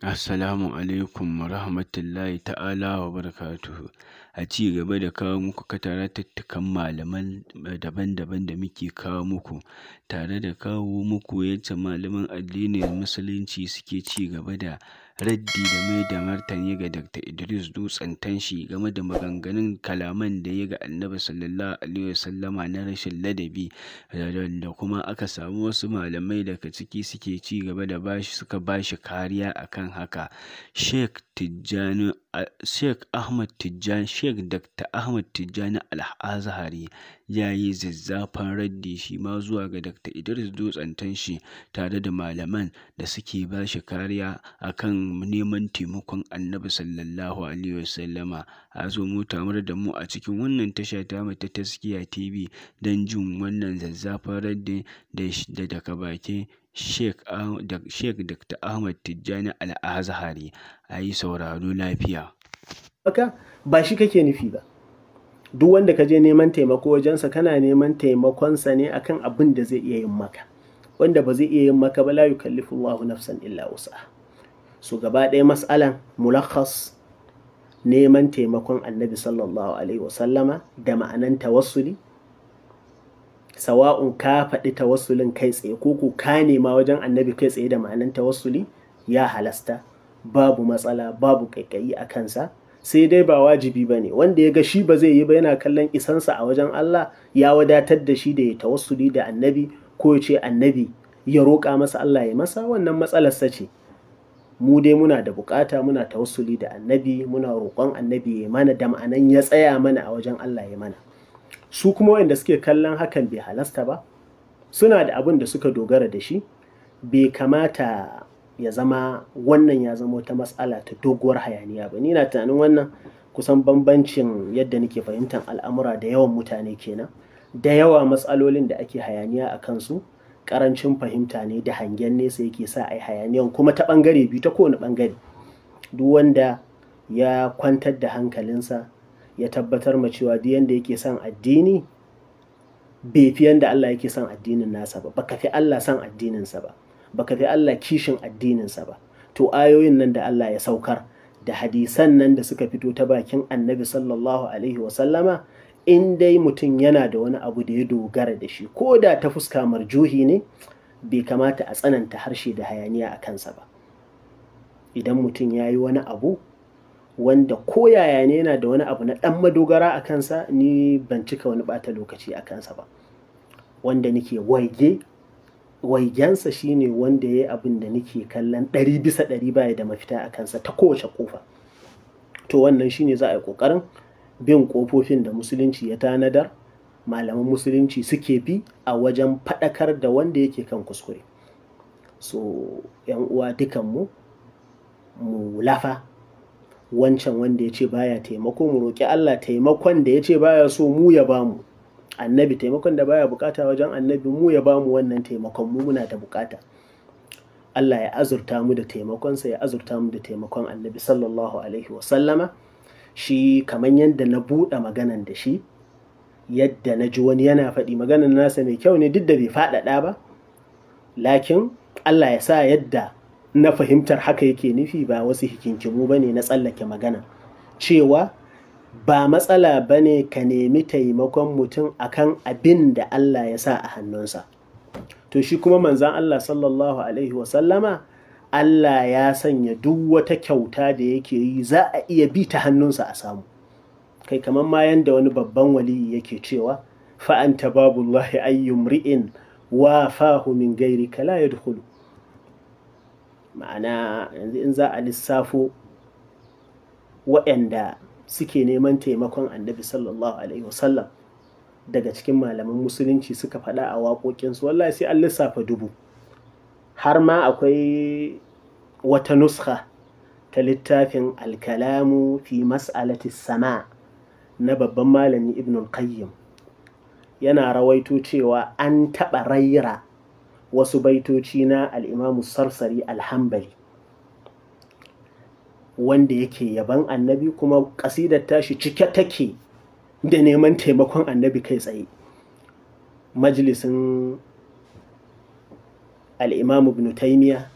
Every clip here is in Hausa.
Assalamu alaikum wa rahmatullahi ta'ala wa barakatuhu. A ci gaba da kawo muku tattakan malaman daban-daban da muke kawo muku, tare da kawo muku yadda malaman addinin Musulunci suke ci gaba da raddi da mai da martani ga Dr. Idris Dutsen Tanshi game da maganganun kalaman da ya ga Annabi sallallahu alaihi wasallama na rashin ladabi da kuma aka samu wasu malamai daga ciki suke ci gaba da bashi suka bashi kariya akan haka Sheikh Tijjani Sheikh Ahmad Tijjani Sheikh Dr. Ahmad Tijjani Al-Azhari ya yi zazzafan raddi shi ma zuwa ga Dr. Idris Dutsen Tanshi tare da malaman da suke ba shi kariya akan neman taimakon Annabi sallallahu alaihi wasallama a zo mu tamar da mu a cikin wannan tasha ta mu ta Taskiya TV don jin wannan zazzafan raddi da daga bakin Sheikh Dr. Ahmad Tijjani Al-Azhari a yi sauraro lafiya. Aka ba shi kake nufi ba. Duk wanda ka je neman taimako wajensa kana neman taimakonsa ne akan abin da zai iya yin maka. Wanda ba zai iya yin maka ba la yukallifu Allahu nafsan illa wasa. So gaba ɗaya mas'alan mulakhas neman taimakon Annabi sallallahu alaihi wasallama da ma'anan tawassuli sawa'un ka faɗi tawassulin kai tsaye ko kuka ka nema wajen annabi kai tsaye da ma'anan tawassuli ya halasta babu matsala babu ƙaiƙayi a kansa sai dai ba wajibi ba ne wanda ya ga shi ba zai yi ba yana kallon isansa a wajen Allah ya wadatar da shi da ya tawassuli da annabi ko ya ce annabi ya roƙa masa Allah ya masa wannan matsalarsa ce mu dai muna da bukata muna tawassuli da annabi muna roƙon annabi ya mana da ma'anan ya tsaya mana a wajen Allah ya mana su kuma waɗanda suke kallon hakan bai halasta ba suna da abin da suka dogara da shi bai kamata ya zama wannan ya zama wata matsala ta doguwar hayaniya ba ni na tunanin wannan kusan bambancin yadda nake fahimtar al'amura da yawan mutane kenan da yawa matsalolin da ake hayaniya a kansu karancin fahimta ne da hangen nesa yake sa a yi hayaniyan kuma ta bangare biyu ta kowane bangare duk wanda ya kwantar da hankalinsa ya tabbatar ma cewa duk yanda yake son addini bai fi yanda Allah yake son addinin nasa ba baka fi Allah son addininsa ba baka fi Allah kishin addininsa ba to ayoyin nan da Allah ya saukar da hadisan nan da suka fito ta bakin annabi sallallahu alaihi sallama in dai mutum yana da wani abu da ya dogara da shi ko da ta fuska marjuhi ne bai kamata a tsananta harshe da hayaniya a kansa ba idan mutum ya yi wani abu wanda ko yaya ne yana da wani abu na ɗan madogara a kansa ni ban cika wani ɓata lokaci a kansa ba wanda nake waige waigensa shine wanda ya yi abin da nake kallon ɗari bisa ɗari baya da mafita a kansa ta kowace kofa to wannan shine za a yi ƙoƙarin bin ƙofofin da musulunci ya tanadar malaman musulunci suke bi a wajen faɗakar da wanda yake kan kuskure so yan uwa dukanmu mu lafa wancan wanda ya ce baya taimako mu roƙi Allah taimakon da ya ce baya so mu ya bamu annabi taimakon da baya bukata wajen annabi mu ya bamu wannan taimakon mu muna da bukata Allah ya azurta mu da taimakonsa ya azurta mu da taimakon annabi sallallahu alaihi wa sallama. shi kaman yadda na buɗe maganan da shi yadda na ji wani yana faɗi maganan nasa mai kyau ne duk da bai faɗaɗa ba lakin Allah ya sa yadda na fahimtar haka yake nufi ba wasu hikinkimu ba ne na tsallake magana cewa ba matsala ba ne ka nemi taimakon mutum akan abin da Allah ya sa a hannunsa to shi kuma manzan Allah sallallahu alaihi wasallama Allah ya sanya duk wata kyauta da yake yi za a iya bi ta hannunsa a samu kai kamar ma yadda wani babban waliyi yake cewa fa'anta babullahi ayyum ri'in wa fahu min gairi kala ya dukulu ma'ana yanzu in za a lissafo waɗanda suke neman taimakon annabi sallallahu alaihi wasallam daga cikin malaman musulunci suka faɗa a waƙoƙinsu wallahi sai an lissafa dubu har ma akwai wata nusha ta littafin alkalamu fi mas'alati sama na babban malami ibn qayyim yana rawaito cewa an taɓa raira wasu baitoci na al'imamu sarsari alhambali wanda yake yaban annabi kuma ƙasidar tashi cike take da neman taimakon annabi kai tsaye majalisin al'imamu ibn taimiya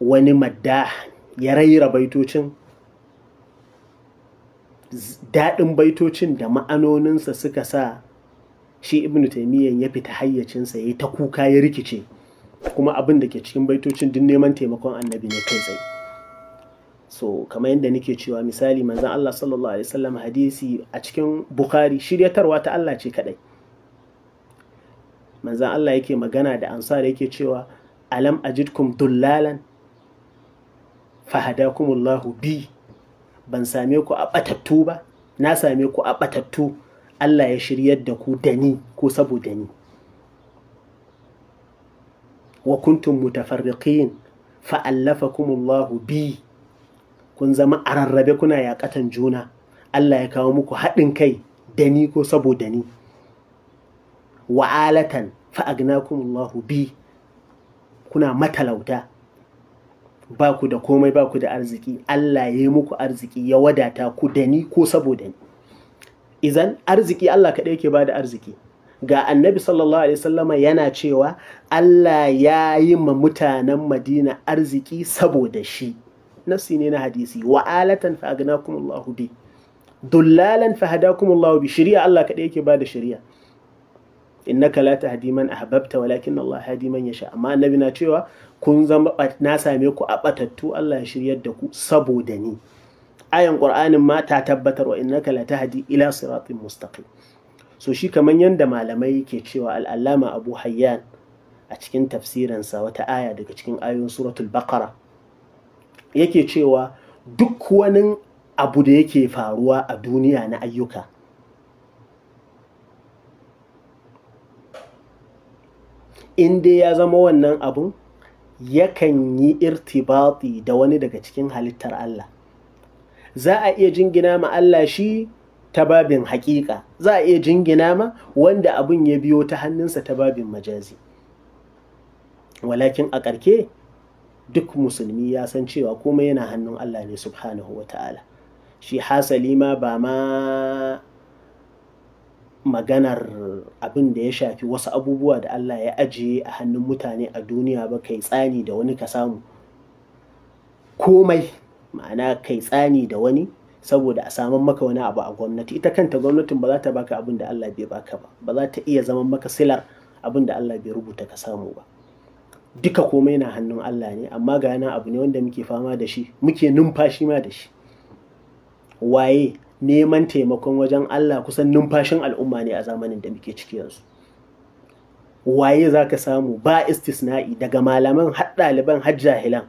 wani madda ya raira baitocin daɗin baitocin da ma'anoninsa suka sa shi ibnu taimiyyan ya fita hayyacinsa ya yi ta kuka ya rikice kuma abin da ke cikin baitocin duk neman taimakon annabi ne kai tsaye so kamar yadda nake cewa misali manzon Allah sallallahu alaihi wasallam hadisi a cikin bukhari shiryatarwa ta Allah ce kadai Manzan Allah yake magana da ansar yake cewa alam ajidkum dullalan fahadakumullahu bi ban same ku a batattu ba na same ku a batattu Allah ya shiryar da ku da ni ko saboda ni wa kuntum mutafarriqin fa Allah bi kun zama a rarrabe kuna yaƙatan juna Allah ya kawo muku haɗin kai da ni ko saboda ni wa alatan fa Allah bi kuna matalauta ba ku da komai ba ku da arziki Allah ya yi muku arziki ya wadata ku da ni ko saboda ni izan arziki Allah kaɗai yake bada arziki ga annabi sallallahu alaihi sallama yana cewa Allah ya yi ma mutanen madina arziki saboda shi nafsi ne na hadisi wa alatan fa Allah bi dullalan fa Allah bi shari'a Allah kaɗai yake bada shari'a innaka kalata tahdi a ahbabta walakin Allah hadiman ya sha. amma annabi na cewa kun zama na same ku a batattu Allah ya shiryar da ku saboda ni ayan ƙur'anin ma ta tabbatar wa innaka latahdi ila siratin mustaqim so shi kaman yanda malamai ke cewa al'allama abu hayyan a cikin tafsirinsa wata aya daga cikin ayoyin suratul baqara yake cewa duk wani abu da yake faruwa a duniya na ayyuka in dai ya zama wannan abun yakan yi irtibati da wani daga cikin halittar Allah za a iya jingina ma Allah shi ta babin haƙiƙa za a iya jingina ma wanda abin ya biyo ta hannunsa ta babin majazi walakin a ƙarke duk musulmi ya san cewa komai yana hannun Allah ne subhanahu wa ta'ala shi hasali ma ba ma maganar abin da ya shafi wasu abubuwa da Allah ya ajiye a hannun mutane a duniya ba kai tsani da wani ka samu komai ma'ana kai tsani da wani saboda a saman maka wani abu a gwamnati ita kanta gwamnatin ba za ta baka abin da Allah bai baka ba ba za ta iya zaman maka silar abin da Allah bai rubuta ka samu ba duka komai na hannun Allah ne amma ga yana abu ne wanda muke fama da shi muke numfashi ma da shi waye neman taimakon wajen Allah kusan numfashin al'umma ne a zamanin da muke ciki yanzu waye za ka samu ba istisna'i daga malaman har ɗaliban har jahilan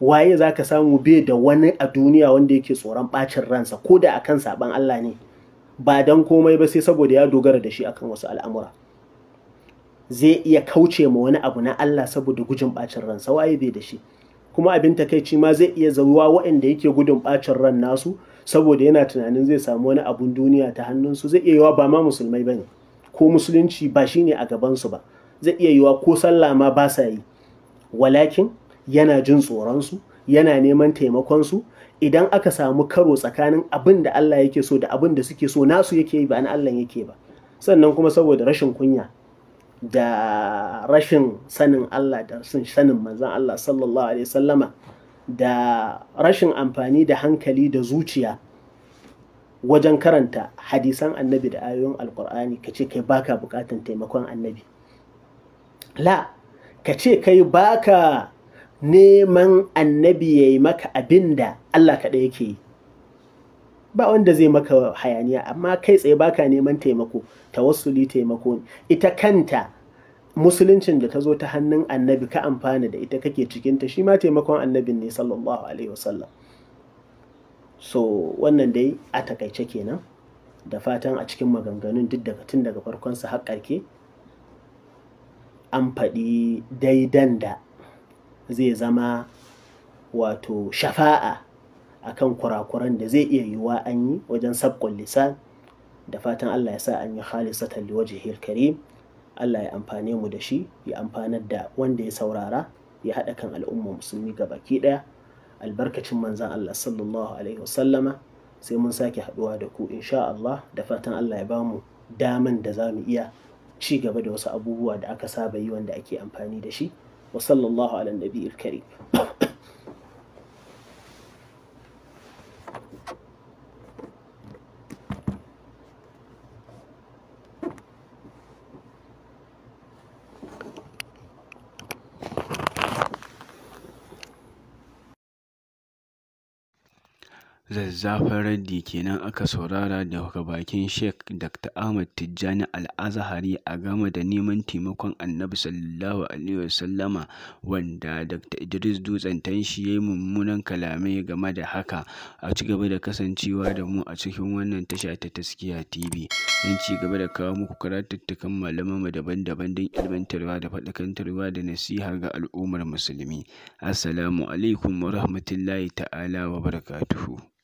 waye za ka samu bai da wani a duniya wanda yake tsoron bacin ransa ko da akan saban Allah ne ba dan komai ba sai saboda ya dogara da shi akan wasu al'amura zai iya kauce ma wani abu na Allah saboda gujin bacin ransa waye bai da shi kuma abin takaici ma zai iya zaruwa waɗanda yake gudun bacin ran nasu saboda yana tunanin zai samu wani abun duniya ta hannunsu zai iya yiwa ba ma musulmai ba ne ko musulunci ba shine a gabansu ba zai iya yiwa ko sallah ma ba sa yi walakin yana jin tsoronsu yana neman taimakonsu idan aka samu karo tsakanin abin da Allah yake so da abin da suke so nasu yake yi ba na Allah yake ba sannan kuma saboda rashin kunya da rashin sanin Allah da rashin sanin manzan Allah sallallahu alaihi sallama da rashin amfani da hankali da zuciya wajen karanta hadisan annabi da ayoyin alkur'ani ka ce kai baka bukatan taimakon annabi la ka ce kai baka neman annabi ya yi maka abin da Allah kaɗai yake yi ba wanda zai maka hayaniya amma kai tsaye baka neman taimako tawassuli taimako ita kanta musuluncin da ta zo ta hannun annabi ka amfana da ita kake cikinta shi ma taimakon annabin ne sallallahu alaihi wasallam so wannan dai a takaice kenan da fatan a cikin maganganun duk daga tun daga sa har karke an faɗi daidan da zai zama wato shafa'a akan kurakuran da zai iya yiwuwa an yi wajen sabkon lisan da fatan Allah ya sa an yi khalisatan liwajhil karim Allah ya amfane mu da shi ya amfanar da wanda ya saurara ya haɗa kan al'umma musulmi ga baki ɗaya albarkacin manzan Allah sallallahu alaihi wasallama sai mun sake haɗuwa da ku insha Allah da fatan Allah ya ba mu daman da za mu iya ci gaba da wasu abubuwa da aka saba yi wanda ake amfani da shi وصلى الله على النبي الكريم Zazzafan raddi kenan aka saurara daga bakin Sheikh Dr. Ahmad Tijjani Al-Azhari a game da neman taimakon Annabi Sallallahu Alaihi Wasallama, wanda Dr. Idris Dutsen Tanshi ya yi mummunan kalamai game da haka. A ci gaba da kasancewa da mu a cikin wannan tasha ta Taskiya TV, don ci gaba da kawo muku malaman mu daban-daban don ilmantarwa da faɗakantarwa da nasiha ga al'ummar musulmi. Assalamu alaikum wa rahmatullahi ta'ala wa barakatuhu.